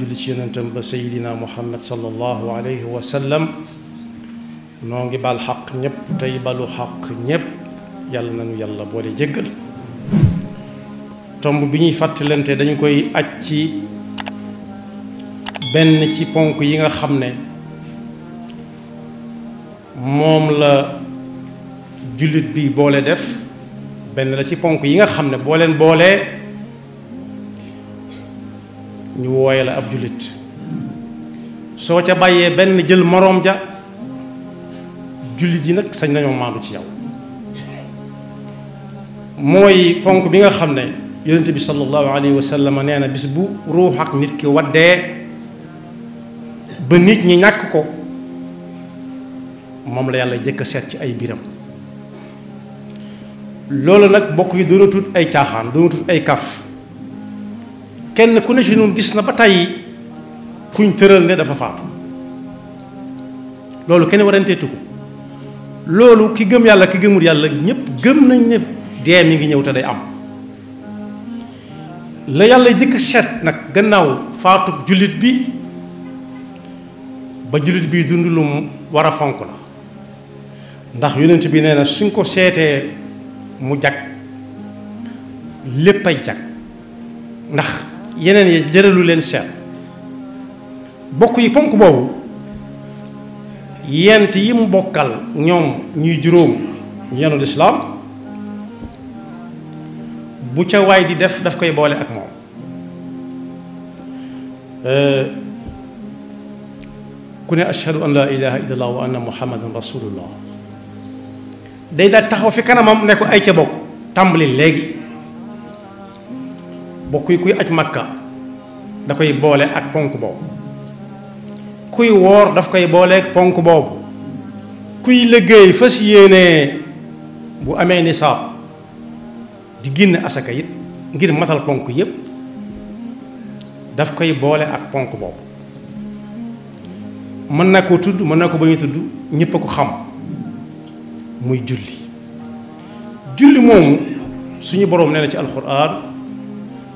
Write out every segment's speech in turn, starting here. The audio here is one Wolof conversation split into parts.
julli ci yonentam ba sayidina muhammad sallallahu alayhi wa noo ngi bal xaq ñépp tey balu xaq ñépp yàlla nañu yàlla boole jéggal tomb bi ñuy fàttalante dañu koy aj ci benn ci ponk yi nga xam ne moom la jullit bi boole def benn la ci ponk yi nga xam ne boo leen boolee ñu wooye la ab jullit soo ca bàyyee benn jël moroom ja jullit yi nag sañ nañoo maandu ci yow mooy ponk bi nga xam ne yonent bi sallallahu alayhi wa sallam nee na bis bu ruux ak nit ki waddee ba nit ñi ñàkk ko moom la yàlla jëkk a seet ci ay biram loolu nag bokk yi doonatut ay caaxaan doonatut ay kaf kenn ku ne si ñun gis na ba tey kuñ tëral ne dafa faatu loolu kenn waranteetu ko loolu ki gëm yàlla ki gëmul yàlla ñépp gëm nañ ne dee mi ngi ñëw te day am la yàlla jëkk seet nag gannaaw faatu jullit bi ba jullit bi dund lu mu war a fonk la ndax yonent bi nee na suñ ko seetee mu jag lépp ay jag ndax yeneen ya jëralu leen seet bokk yi ponk boobu yent yi mu bokkal ñoom ñuy juróom ñu yenu lislaam bu ca waay di def daf koy boole ak moom ku ne ashhadu an la ilaha illallah wa anna muhammadan rasulullah day daal taxaw fi kanamam ne ko ay ca bokk tàmbali léegi bokk yi kuy aj makka da koy boole ak ponk boobu kuy woor daf koy boole ak ponk boobu kuy liggéey fas yéene bu amee nisaab di génn asaka it ngir matal ponk yépp daf koy boole ak ponk boobu mën na ko tudd mën na ko ba a tudd ñépp a ko xam muy julli julli moomu suñu boroom nee na ci alxuraan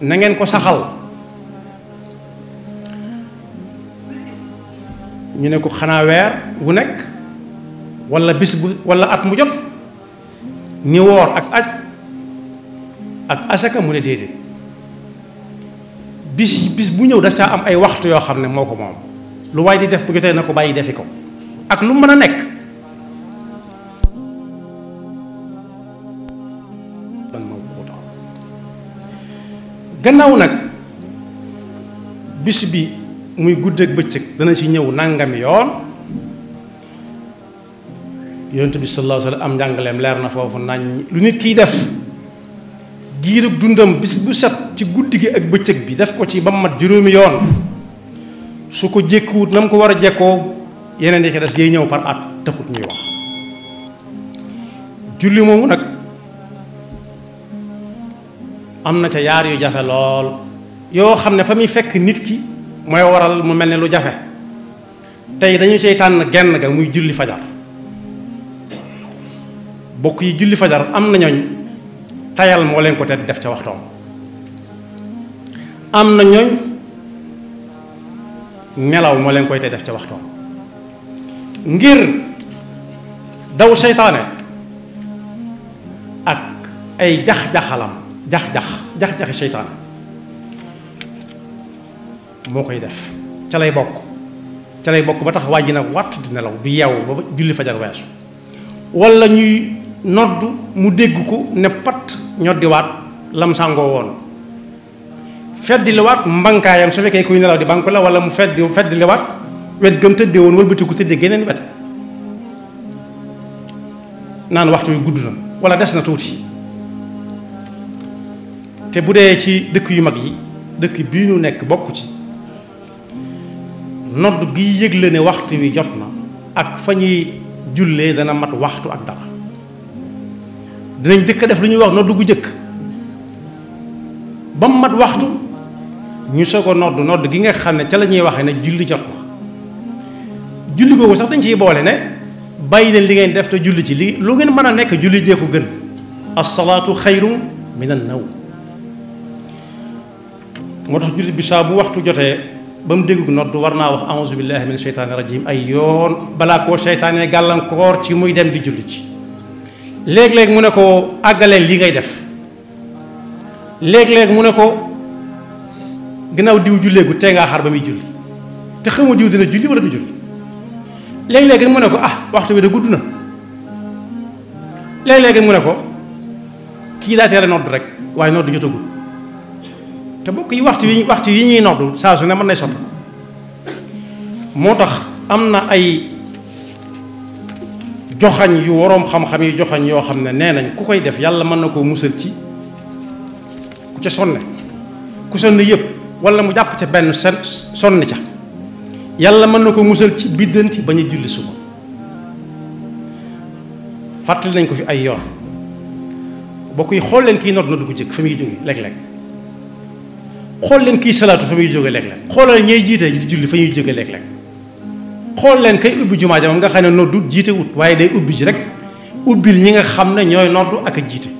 na ngeen ko saxal ñu ne ko xanaa weer wu nekk wala bis bu wala at mu jot ni woor ak aj ak asaka mu ne déedéet bis bis bu ñëw daf caa am ay waxtu yoo xam ne moo ko moom lu way di def bu jotee na ko bàyyi defi ak lu mën a nekk ban gannaaw nak bis bi muy gudd ak bëccëg dana ci ñëw nangami yoon yonent bi sallallahu alayhi wa sallam am njàngaleem leer na foofu nañ lu nit kiy def giirug dundam bis bu set ci guddi gi ak bëccëg bi def ko ci ba mat juróomi yoon su ko jékkuwut na mu ko war a yeneen yi des ñëw par at taxut ñuy wax julli moomu nag am na ca yaar yu jafe lool yoo xam ne fa muy fekk nit ki mooy waral mu mel ni lu jafe tey dañu cay tànn genn ga muy julli fajar bokk yi julli fajar am na ñooñ tayal moo leen def ca waxtoom am na ñooñ nelaw moo koy te def ca waxtoom ngir daw seytaane ak ay jax-jaxalam jax-jax jax jax shaytan mo koy def ca lay bok ca lay bok ba tax waji nak wat di nelaw du yaw ba julli fajar wessu wala ñuy noddu mu degg ko ne pat wat lam sàngoo woon feddiliwaat mbankaayam su fekkee koy nelaw di banku la wala mu feddi wat wet gëm tëddee woon wëlbatiku tëddee geneen wet nan waxtu yu gudduna wala des na te bu dee ci dëkk yu mag yi dëkk bii ñu nekk bokk ci nodd gi yëgle ne waxtu wi jot na ak fa ñuy jullee dana mat waxtu ak dara dinañ dëkk def lu ñuy wax nodd gu jëkk ba mu mat waxtu ñu soog a nodd nodd gi nga xam ne ca la ñuy waxee ne julli jot na julli googu sax dañ ciy boole ne bàyyi leen li ngeen def te julli ci li lu ngeen mën a nekk julli jee ko gën asalaatu xayru min an nawm moo tax jullit bi saa bu waxtu jotee ba mu dégg nodd war naa wax auzu billahi min sheytaani rajim ay yoon balaa koo seytaanee gàllankoor ci muy dem di julli ci léeg-léeg mu ne ko àggaleel li ngay def léeg-léeg mu ne ko ginnaaw diw julleegu tey ngaa xaar ba muy julli te xamu diw dina julli wala du julli léeg-léeg mu ne ko ah waxtu bi de gudd na léeg-léeg mu ne ko kii daa teel nodd rek waaye nodd jotagul te bokk yi waxtu yi waxtu yi ñuy noddu saa su ne mën nay soppi moo tax am na ay joxañ yu waroom xam-xam yi joxañ yoo xam ne nee nañ ku koy def yàlla mën na koo musal ci ku ca sonne ku sonne yépp wala mu jàpp ca benn sen sonne ca yàlla mën na ko musal ci biddanti bañ a julli suba fàttali nañ ko fi ay yoon bokki yi xool leen kii nodd na dugg jëkk fa muy jóge léeg-léeg xool leen kiy salaatu fa muy jóge lekk léeg xoolal ñay jiite julli fa ñuy jóge léeg xool leen kay ubbi jumaa jama nga xam ne noddu jiite wut waaye day ubbi ji rek ubbil ñi nga xam ne ñooy noddu ak a jiite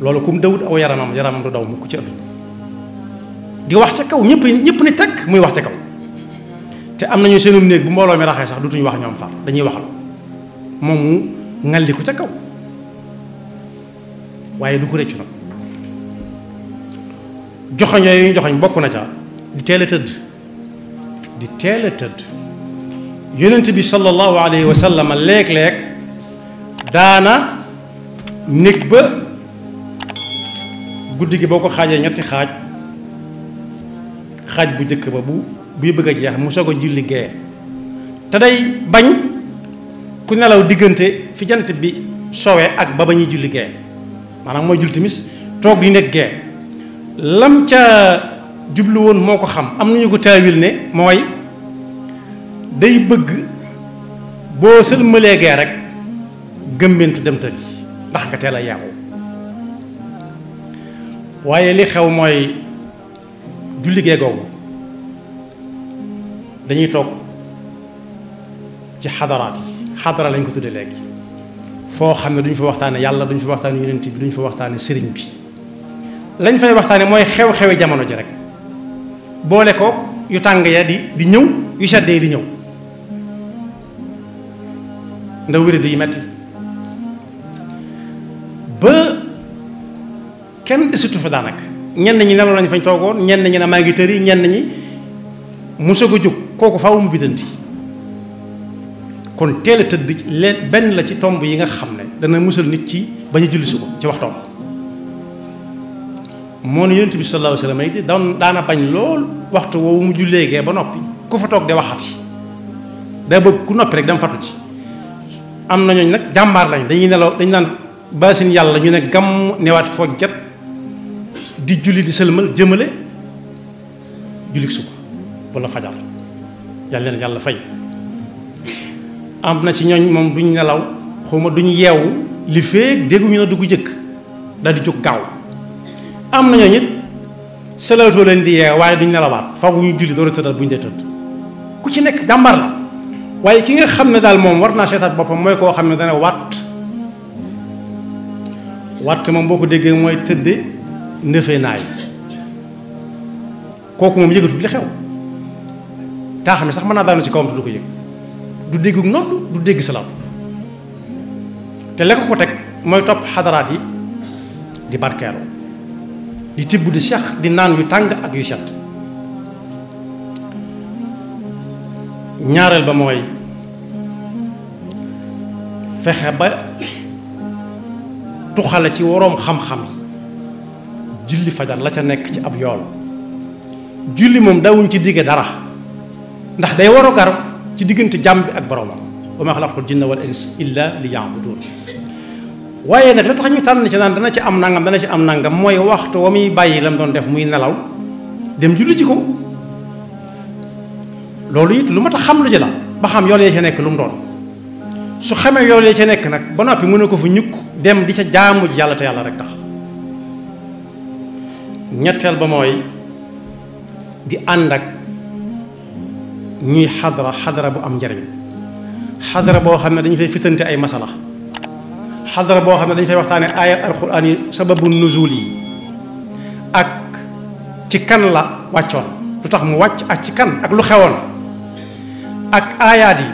loolu kum dawut aw yaramam yaramam du daw mukk ci àdduna di wax ca kaw ñëpp ñëpp ne tekk muy wax ca kaw te am nañu seenum néeg bu mbooloo mi raxee sax dutuñu wax ñoom far dañuy waxal moom mu ngalli ko ca kaw waaye du ko rëccu nag joxagne yi joxagne bokku na ca di teel teud di teud bi sallallahu alayhi wa sallam lek lek dana néeg ba guddigi boko xajé ko ñetti xaj xaj bu jëk ba bu bi bëgg jeex mu sago a julli gee day bañ ku nelaw digënté fi jant bi sowé ak ba ba julli ge manam moy jul timis di nek ge lam ca jublu woon moo ko xam am nañu ko taawil ne mooy day bëgg boo sëlmalee gee rek gëmmentu dem tëdd ndax ka teel a waaye li xew mooy julli gee googu dañuy toog ci xadaraat yi xadara lañ ko tudde léegi foo xam ne duñ fa waxtaane yàlla duñ fa waxtaane yonent bi duñu fa waxtaane sëriñ bi lañ fay waxtaane mooy xew-xewi jamono ji rek boole ko yu tàng ya di di ñëw yu sedd di ñëw ndaw wéréd yi metti ba kenn desitu fa daanaka ñenn ñi nelaw nañ fañ toogoon ñenn ñi ne maa ngi tëri ñenn ñi mu soog a jóg kooku faaw mu biddanti kon teel a tëdd benn la ci tomb yi nga xam ne dana musal nit ci bañ a julli suba ci waxtoom moo ne yonent bi sallallahu alayhi wa sallam it daan daana bañ lool waxtu woowu mu jullee gee ba noppi ku fa toog de waxati daa bëgg ku noppi rek dama fatu ci am na ñooñu nag jàmbaar lañ dañuy nelaw dañu naan baasin yàlla ñu ne gàmm newaat foog jot di julli di sëlmal jëmale julli suba wala fajar am na ci ñooñ duñ nelaw xawma duñ yeewu li feeg dégguñu na dugg jëkk daal di jóg gaaw am nañoo nit salaatoo leen di yee waaye duñ nelawaat faw ñu julli doon tëddal bu ñu dee tëdd ku ci nekk jàmbaar waaye ki nga xam ne daal moom war naa seetaat boppam mooy koo xam ne dana watt watt moom boo ko déggee mooy tëdde ndëfe kooku moom yëgatul li xew taa xam sax mën naa daanu ci kawam te du ko yëg du dégg noonu du dégg salaatu te lekk ko teg mooy topp xadaraat yi di barkeelu di tibbu di sex di naan yu tàng ak yu set ñaareel ba mooy fexe ba tuxale ci woroom xam-xam julli fajar la ca nekk ci ab yool julli moom dawuñ ci digge dara ndax day gar ci diggante jàmbi ak boromam wa ma xalaqul jinna wal ins illa li yaabudun waye nak la tax ñu tan ci naan dana ci am nangam dana ci am nangam moy waxtu wami bayyi lam doon def muy nelaw dem julli ci ko lolu it lu ma tax xam lu ji la ba xam yole ya ci nek lu doon su xame yole ya ci nek nak ba nopi ko fu ñuk dem di ci jaamu ji yàlla te rek tax ñettal ba moy di andak ñuy hadra hadra bu am njariñ hadra bo xamne dañ fay fitante ay masalah hadra bo xamne dañ fay waxtane ayat alquran sababu nuzuli ak ci kan la wàccoon lutax mu wacc ak ci kan ak lu xewon ak ayaat yi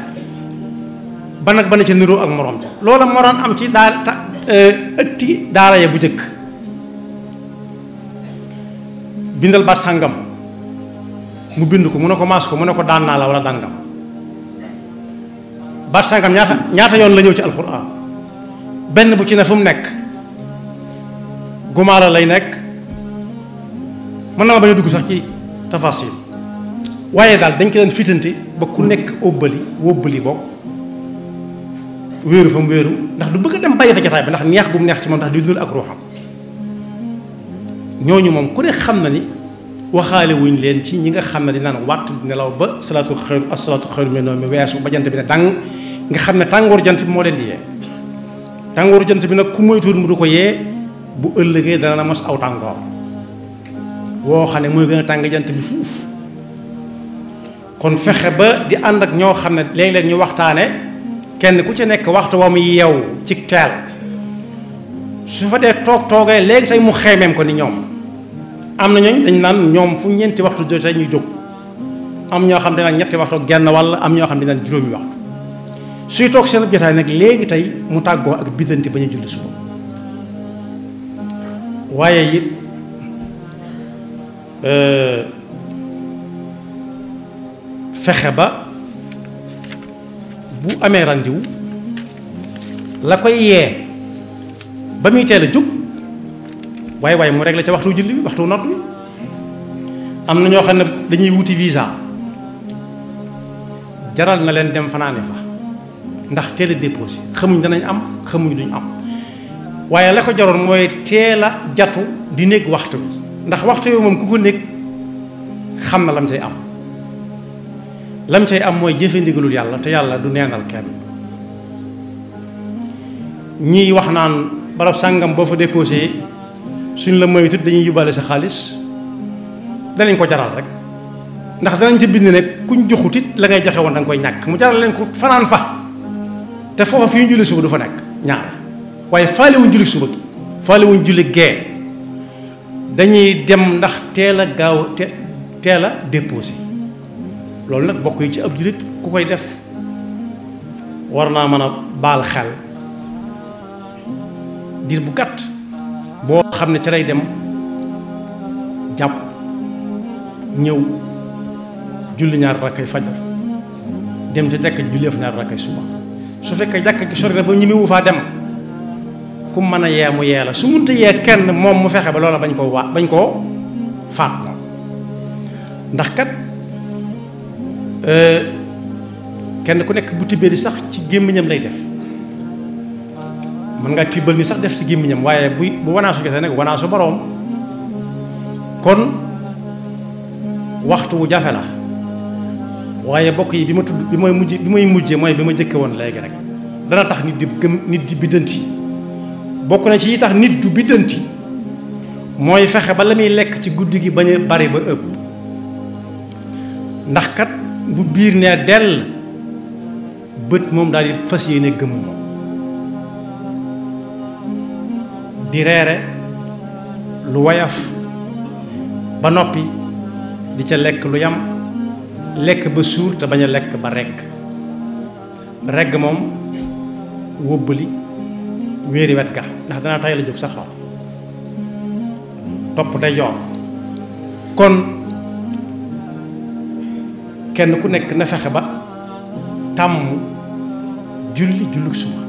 ban ak ban ci niro ak morom ja loola moroon am ci daa ëtti dara ya bu njëkk bindal ba sangam mu bind ko munako mas ko munako ko mu la wala dangam ba sangam ñaata ñaata yon la ñew ci alquran benn bu ci ne fu mu nekk gumaara lay nekk mën na ma bañ dugg sax ci tafasil waaye daal dañ ko leen fitanti ba ku nekk óbbali wóbbali bokk wéeru fa mu wéeru ndax du bëgg a dem bàyyi fa jataay bi ndax neex gu neex ci moom ndax di dul ak ruuxam ñooñu moom ku ne xam na ni waxaale wuñ leen ci ñi nga xam ne dinaan wàtt nelaw ba salaatu xëyru asalaatu xëyru mi noonu mi weesu ba jant bi ne dàng nga xam ne tàngoor jant bi moo leen di yee tàngooru jant bi nag ku moytuwul mu du ko yee bu ëllëgee dana la mos aw tàngoor woo xam ne muy gën a tàng jant bi fuuf kon fexe ba di ànd ak ñoo xam ne léeg leen ñu waxtaane kenn ku ci nekk waxtu wa mu yeew ci teel su fa dee toog toogee léegi tey mu xeemeem ko ni ñoom am na ñooñ dañ naan ñoom fu ñeenti waxtu jotee ñu jóg am ñoo xam ne nag ñetti waxtu genn wàll am ñoo xam ne naan juróomi waxtu suy toog seen jotaay nag léegi tey mu tàggoo ak biddanti ba ñu julli suba waaye it euh, fexe ba bu amee randiw la koy yee ba muy teel a jug waaye waaye mu la ca waxtu julli bi waxtu nodd bi am na ñoo xam ne dañuy wuti visa jaral na leen dem fanaane fa ndax teel a déposé xamuñ danañ am xamuñ duñ am waaye la ko jaroon mooy teel a jatu di nekk waxtu bi ndax waxtu bi moom ku ko nekk xam na lam say am lam say am mooy jëfe ndigalul yàlla te yàlla du neenal kenn ñii wax naan barab sàngam boo fa déposé suñ la moytu dañuy yóbbaale sa xaalis danañ ko jaral rek ndax danañ ci bind ne kuñ joxutit la ngay joxe woon da nga koy ñàkk mu jaral leen ko fanaan fa te foofa fi ñu julli suba du fa nekk ñaar waaye faale julli suba gi faale julli gee dañuy dem ndax teel a gaaw te teel a déposé loolu nag bokk yi ci ab jullit ku koy def war naa mën a baal xel diir bu gàtt boo xam ne ca lay dem jàpp ñëw julli ñaar rakkay fajar dem ca tekk julli fa ñaar rakkay suba su fekkee jàkka gi sori ba ñi wu faa dem ku mën a yee mu yee la su munta yee kenn moom mu fexe ba loola bañ koo waa bañ koo faat moom ndax kat euh, kenn ku nekk bu tibbee di sax ci gémmiñam lay def mën nga tibbal ni sax def ci gémmiñam waaye bu bu wanaasu gisee nag wanaasu boroom kon waxtu wu jafe la waaye bokk yi bi ma tudd bi may mujj bi may mujjee mooy bi ma jëkke woon léegi rek dana tax nit di gëm nit di biddanti bokk na ci yi tax nit du biddanti mooy fexe ba la muy lekk ci guddi gi bañ a ba ëpp ndax kat bu biir nee dell bët moom daal di fas yéene gëm moom reere lu woyaf ba noppi di ca lekk lu yam lek ba sour ta baña lek ba regg regg mom wobuli wéri wet ga ndax dana tay la jóg sa xor top tay yoon kon kenn ku nek na fexé ba tam julli julluk suma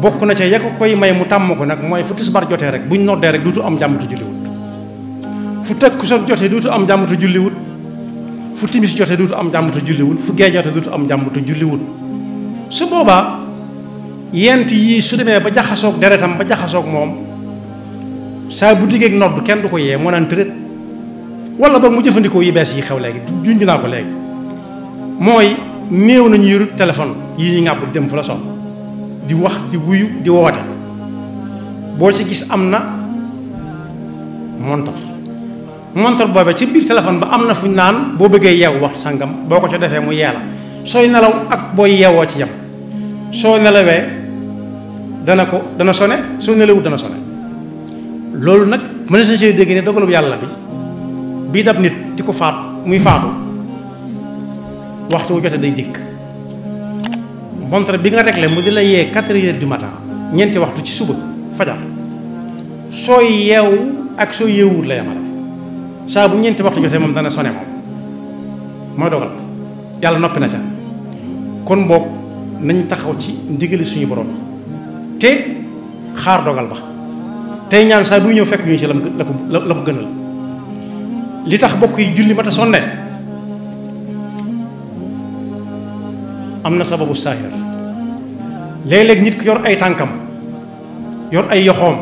bokku na ca ya ko koy may mu tam ko nak moy fu tisbar joté rek buñ noddee rek dutu am jàmmatu julliwut fu sa joté dutu am julli wut fu timis jotté dutu am jàmm julli wul fu gey jotté dutu am jàmm julli wul su boba yent yi su demee ba jaxassok deretam ba jaxassok mom sa bu ak nodd kenn du ko yee moo naan wala ba mu jëfëndiko yi bees yi xew léegi junj na ko légui moy néew nañu yuru téléphone yi ñi ngàbb dem fu la di wax di wuyu di wowata bo ci gis amna montage montar bobé ci bir téléphone ba amna na fu ñu naan boo bëggee wax sangam boko ci défé mu yéla soy nalaw ak boy yeewoo ci yam so nalawé dana ko dana soné so nelawut dana soné lolou nak mën na dégg ne dogalub yalla bi bi dab nit diko faat muy faatu waxtu jotté day dik montre bi nga réglé mu di yé 4h du matin ñenti waxtu ci suba fajar soy yew ak soy yewul la sa bu ñent waxtu jotee mom dana soné mom mo dogal yalla nopi na ca kon bok nañ taxaw ci ndigal suñu borom te xaar dogal ba té ñaan sa bu ñew fekk ñu ci lam la ko gënal li tax bokk yi julli mata sonne Amna sababu sahir léeg nit ku yor ay tankam yor ay yoxom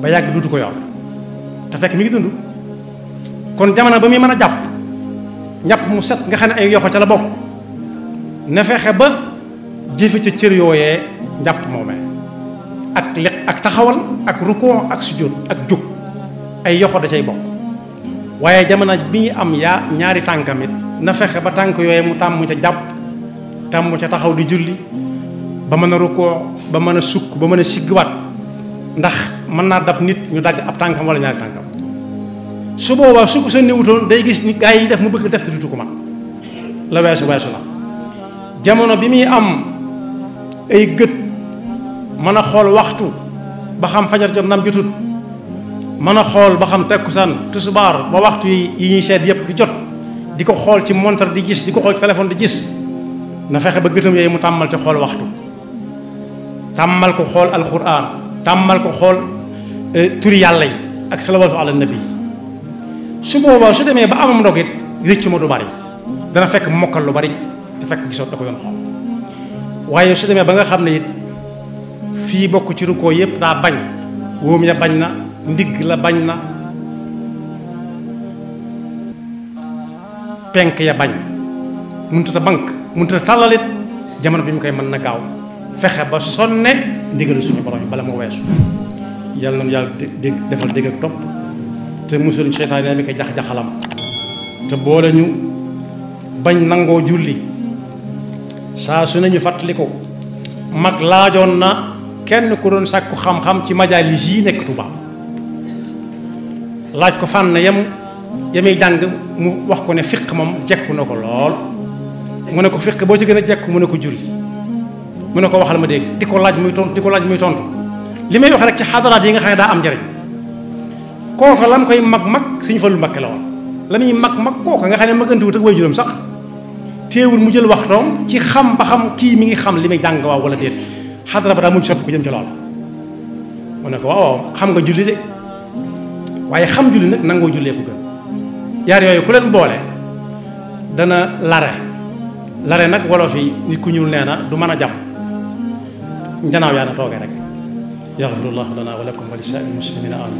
ba yag dutu ko yor da fekk mi ngi dund kon jamana ba mi meuna japp ñap mu set nga xam ay yoxo ca la bok na fexé ba jëf ci cër yooyee japp momé ak liq ak taxawal ak rukoo ak sujud ak juk ay yoxo da cey bok waye jamana bi am ya ñaari tankamit na fexé ba tank yooyee mu tam ca jàpp ca taxaw di julli ba mën a ba mën sukk ba sigwat ndax man na dab nit ñu dag ab tankam wala ñaari tankam su boobaa su ko sa néewutoon day gis ni gaa yi def mu bëgg def te dutu ko man la weesu weesu la jamono bi muy am ay gët mën a xool waxtu ba xam fajar jot nam jotut mën a xool ba xam tekkusaan tusubaar ba waxtu yi yi ñuy seet yëpp di jot di ko xool ci montre di gis di ko xool ci téléphone di gis na fexe ba gëtam yooyu mu tàmmal ci xool waxtu tàmmal ko xool alquran tàmmal ko xool eh, turi yàlla yi ak salawatu ala nabi su boba su demé ba amam ndogit rëcc mo du bari dana fekk mokal lu bari te fekk gisot da ko yoon xool waaye su demé ba nga xamné ne it fii ci ruko yépp da bañ wóom ya bañ na ndig la bañ na penk ya bañ muntu ta bank muntu ta talalit jamono bi mu koy man na gaaw fexé ba sonne ndigal suñu borom bala mo wessu yalla ñu yalla defal dégg ak top te musul seytaane mi ko jax-jaxalam te boole ñu bañ nangoo julli saa su nañu fàttaliku mag laajoon na kenn ku doon sàkku xam-xam ci majaalis yi nekk Tuubaa laaj ko fànn yam yamiy jàng mu wax ko ne fiq moom jekku na ko lool mu ne ko fiq boo ci gën a jekku mu ne ko julli mu ne ko waxal ma dégg di ko laaj muy tontu di ko laaj muy tontu li may wax rek ci xadaraat yi nga xam ne daa am njëriñ kooka la mu koy mag mag suñu Fallu Mbakke la woon la mag mag kooka nga xam te magandiwut ak waajuram sax teewul mu jël waxtoom ci xam ba xam kii mi ngi xam li may jàng waaw wala déet xadara ba daa jëm ci lool ko waaw xam nga julli de xam julli nag nangoo jullee ko gën yooyu ku boole dana lare lare nag wolof yi nit ku ñuul nee na du mën a jàmm njanaaw yaa na toogee rek yaxfirullahu lana wa lakum wa li saa'il muslimina amin